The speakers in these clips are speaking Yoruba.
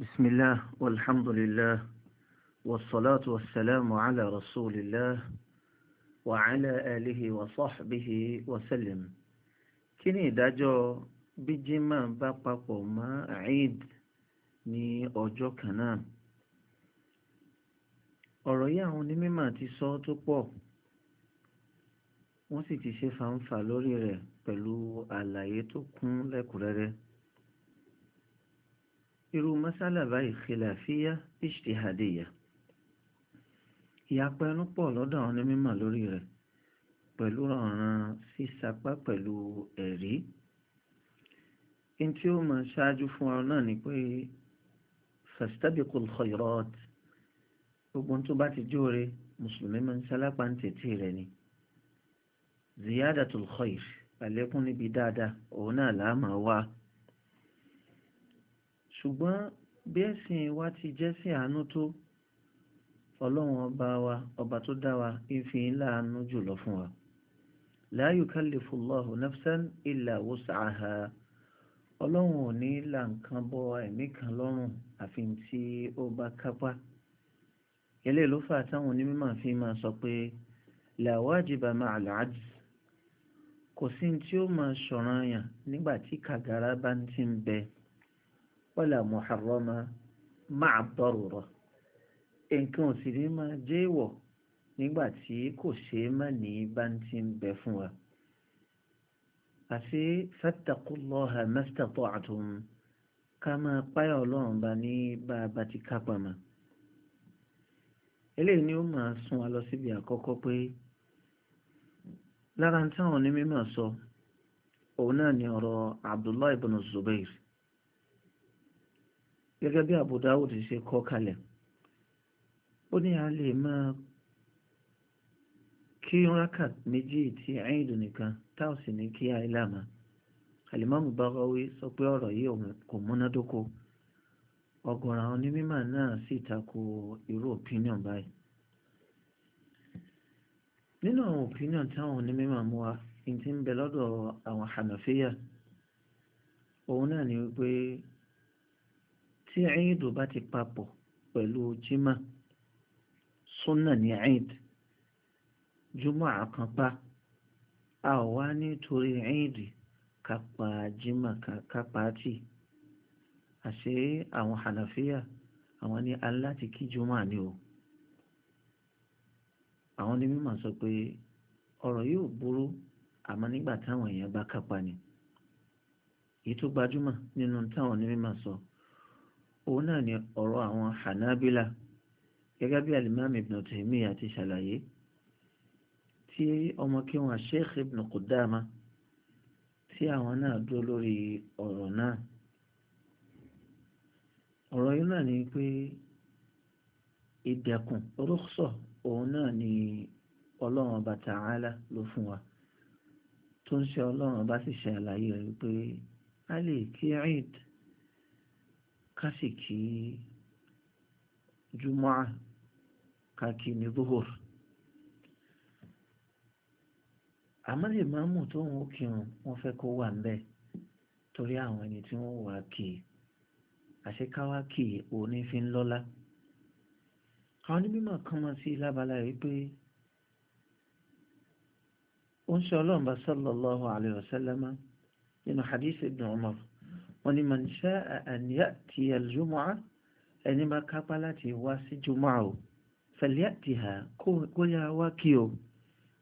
بسم الله والحمد لله والصلاة والسلام على رسول الله وعلى آله وصحبه وسلم kí ni ìdájọ́ bí jímà bá papọ̀ mọ́ eid ní ọjọ́ kan náà ọ̀rọ̀ yìí àwọn onímọ̀ ti sọ tó pọ̀ wọ́n sì ti ṣe fàǹfà lórí rẹ̀ pẹ̀lú àlàyé tó kún lẹ́kùnrẹ́rẹ́ irú mọ́sálà báyìí khilafiyya ijtihadiyya ìyapa ẹnu pọ̀ lọ́dọ̀ àwọn onímọ̀ lórí rẹ̀ pẹ̀lú ọ̀ràn sísapá pẹ̀lú ẹ̀rí ntí ó máa ṣáájú fún ọ náà ni pé fastabiqul khayrat gbogbo tó bá ti jóore mùsùlùmí máa ń sálápá ń tètè rẹ̀ ni ziyadatul khayr àlékún níbi dáadáa òun náà làá máa wá ṣùgbọ́n bí ẹ̀sìn wa ti jẹ́ sí àánú tó ọlọ́run ọba wa ọba tó dá wa ìfi ńlá àánú jùlọ fún wa la yukallifullahu nafsan illa wus'aha ọlọ́run ò ní là nǹkan bọ ẹ̀mí kan lọ́rùn àfi tí ó bá kápá eléyìí ló fà táwọn onímọ̀ fi máa sọ pé la wajiba ma'al kò sí tí ó máa ṣọ̀ranyàn nígbà tí kàgàrà bá ń ti ń ولا muharrama مع darura إن كان sì ní máa jẹ́ ìwọ̀ nígbà tí kò ṣeé má ní bá ń ti bẹ fún wa àti fattaqullaha mastata'tum ká máa páyà ọlọ́run bá ní bá a bá ti kápá ma eléyìí ni ó máa sún wa lọ síbi àkọ́kọ́ pé lára táwọn onímọ̀ sọ òun náà ni ọ̀rọ̀ Abdullahi ibn Zubair gẹ́gẹ́ bí Abu Dawud ṣe kọ́ kalẹ̀ ó ní a lè máa kí rákà méjì tí àyìndùn nìkan táà sì ní kí àìlàmà Alimamu Bagawi sọ pé ọ̀rọ̀ yìí kò múnádóko ọ̀gọ̀rọ̀ onímọ̀ náà sì tako irú opinion báyìí nínú àwọn opinion táwọn onímọ̀ mú wa ní ti ń bẹ lọ́dọ̀ àwọn tí ẹ̀ẹ́dù bá ti papọ̀ pẹ̀lú jimá súnà ní ẹ̀ẹ́dù jùmọ̀ àkànpá a ò wá nítorí ẹ̀ẹ́dù kápá jimá kápá tì àṣé àwọn hànàfíà àwọn ní aláti kí jùmọ̀ ni o àwọn ní mímọ̀ sọ pé ọ̀rọ̀ yóò burú àmọ́ nígbà táwọn èèyàn bá kápá ni èyí tó gbajúmọ̀ nínú táwọn onímọ̀ sọ. So òun náà ni ọ̀rọ̀ àwọn hanabila gẹ́gẹ́ bí alimami ibn Taymiyyah ti ṣàlàyé tí ọmọ kí wọn sheikh ibn Qudama tí àwọn náà dúró lórí ọ̀rọ̀ náà ọ̀rọ̀ yìí náà ni pé ìdẹ̀kùn rúkṣọ òun náà ni ọlọ́run ọba tààlà ló fún wa tó ń ṣe ọlọ́run ọba sì ṣe rẹ̀ pé a lè kí eid kásìkí jùmọ́ kàkí ní zuhur àmọ́lẹ̀ máàmù tó ń kírun wọ́n fẹ́ kó wà ńbẹ̀ torí àwọn ẹni tí wọ́n wà kì í àṣekáwá kì í onífin lọ́lá àwọn onímọ̀ kan mọ̀ sí lábala wípé ó ń ṣe ọlọ́run bá sallallahu alaihi wasallam nínú hadith ibn Umar ولمن شاء أن يأتي الجمعة يعني ما كبلتي واسي جمعة فليأتها قويا وكيو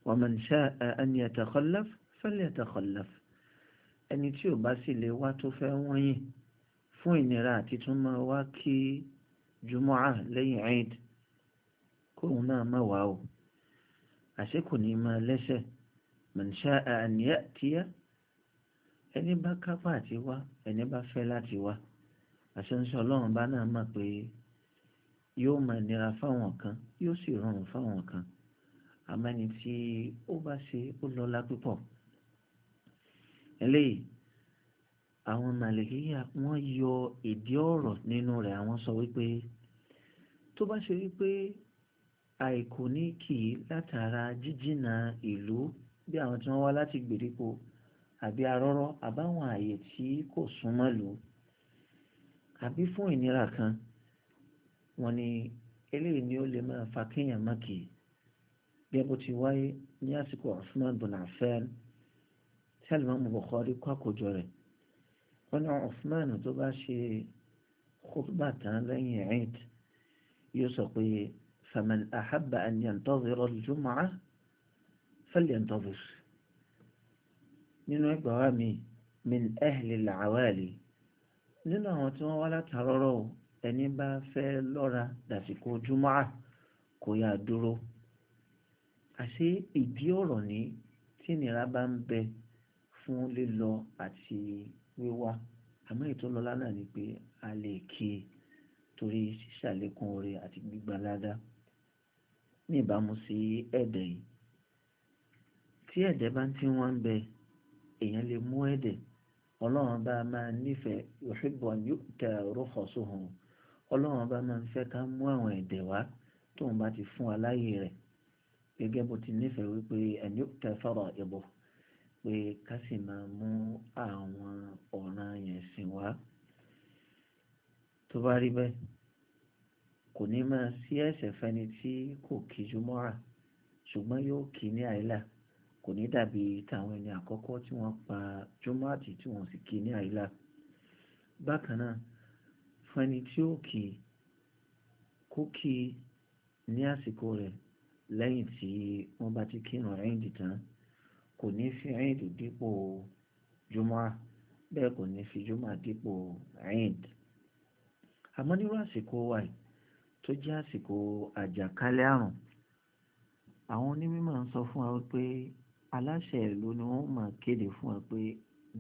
ومن شاء أن يتخلف فليتخلف أن يعني يتيو باسي لواتو فهوني فوين راتي ثم واكي جمعة لي عيد كونا مواو أشكو ما لسه من شاء أن يأتي ẹni bá kápá àti wá ẹni bá fẹ́ láti wá àṣẹǹṣẹ ọlọ́run bá náà mọ̀ pé yóò máa nira fáwọn kan yóò sì rọrùn fáwọn kan àmọ́ ẹni tí ó bá ṣe ó lọ́lá púpọ̀ eléyìí àwọn màlìkíyà wọ́n yọ ìdí ọ̀rọ̀ nínú rẹ̀ àwọn sọ wípé tó bá ṣe wípé àìkò ní kì í látara jíjìnà ìlú bí àwọn tí wọ́n wá láti gbèríko àbí arọ́rọ́ àbáwọn àyè tí kò súnmọ́ lò àbí fún ìnira kan wọ́n ní eléyìí ni ó lè máa fa kéèyàn mọ́kì bí bó ti wáyé ní àsìkò Usman bin Affan tí alimami Bukhari kọ́ àkójọ rẹ̀ wọ́n ní Usman tó bá ṣe khutbah tán lẹ́yìn eed yóò sọ pé ẹ̀ ń tọ́ faman ahabba an yantazira al-jum'ah falyantaziru. nínú ẹgbà wa mi min ahli al-awali nínú àwọn tí wọ́n wá látàrọ́rọ́ o ẹni bá fẹ́ lọ́ra dàsìkò jùmọ́à kò yà dúró àṣé ìdí ọ̀rọ̀ ní tí ìnira bá ń bẹ fún lílọ àti wíwá àmọ́ ìtọ́lọ́lá náà ni pé a lè kí i torí ṣíṣàlékún oore àti gbígbà ní ìbámu sí ẹ̀dẹ̀ yìí tí ẹ̀dẹ̀ bá ti wọ́n ń bẹ èèyàn lè mú ẹ̀dẹ̀ ọlọ́run bá máa nífẹ̀ẹ́ òṣìbọn yóò tẹ orúkọ sóhun ọlọ́run bá máa ń fẹ́ ká mú àwọn ẹ̀dẹ̀ wá tóun bá ti fún aláyè rẹ̀ gẹ́gẹ́ bó ti nífẹ̀ẹ́ wípé ẹ̀yìn yóò tẹ fọ́rọ̀ ìbò pé ká sì máa mú àwọn ọ̀ràn yẹn sìn wá tó bá rí bẹ́ẹ̀ kò ní máa sí ẹ̀ṣẹ̀ fẹ́ni tí kò kí jùmọ́ra ṣùgbọ́n yóò kí ní àìlà kò ní dàbí tàwọn ẹni àkọ́kọ́ tí wọ́n pa jùmọ̀àtì tí wọ́n sì kí ní àìlà bákan náà fún ẹni tí ó kì í kó kí i ní àsìkò rẹ̀ lẹ́yìn tí wọ́n bá ti kírun ẹ̀yìndì tán kò ní fi ẹ̀yìndì dípò jùmọ̀à bẹ́ẹ̀ kò ní fi jùmọ̀à dípò ẹ̀yìndì àmọ́ nírú àsìkò wa tó jẹ́ àsìkò àjàkálẹ̀ àrùn àwọn onímọ̀ ń sọ fún wa pé aláṣẹ ìlú ni wọ́n máa kéde fún wa pé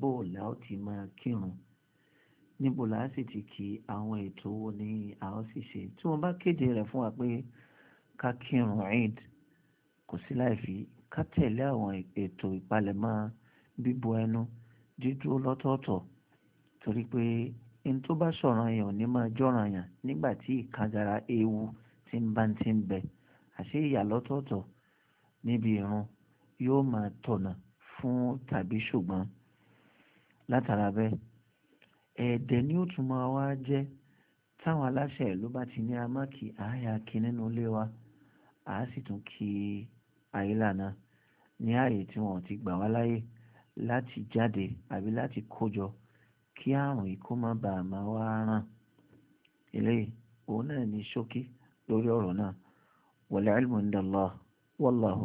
bóòlù ó ti máa kírun níbo la sì ti kí àwọn ètò wo ni a ó sì ṣe tí wọ́n bá kéde rẹ̀ fún wa pé ká kírun eid kò sí láìfi ká tẹ̀lé àwọn ètò ìpalẹ̀mọ́ bíbo ẹnu dídúró lọ́tọ̀ọ̀tọ̀ torí pé ẹni tó bá sọ̀ràn yàn ní máa jọ̀ràn yàn nígbà tí ìkangara ewu ti ń bá ti ń bẹ àṣé ìyà lọ́tọ̀ọ̀tọ̀ níbi ìrun yóò máa tọ̀nà fún tàbí ṣùgbọ́n látara bẹ́ẹ̀ ẹ̀ẹ̀dẹ̀ ni ó tún máa wá jẹ́ táwọn aláṣẹ ìlú bá ti ní amákì àáyá kí nínú ilé wa a sì tún kí àyílà náà ní ààyè tí wọn ti gbà wá láyè láti jáde àbí láti kójọ kí àrùn yìí kó má bàa máa wá ràn eléyìí òun náà ní ṣókí lórí ọ̀rọ̀ náà wal ilmu indallah wallahu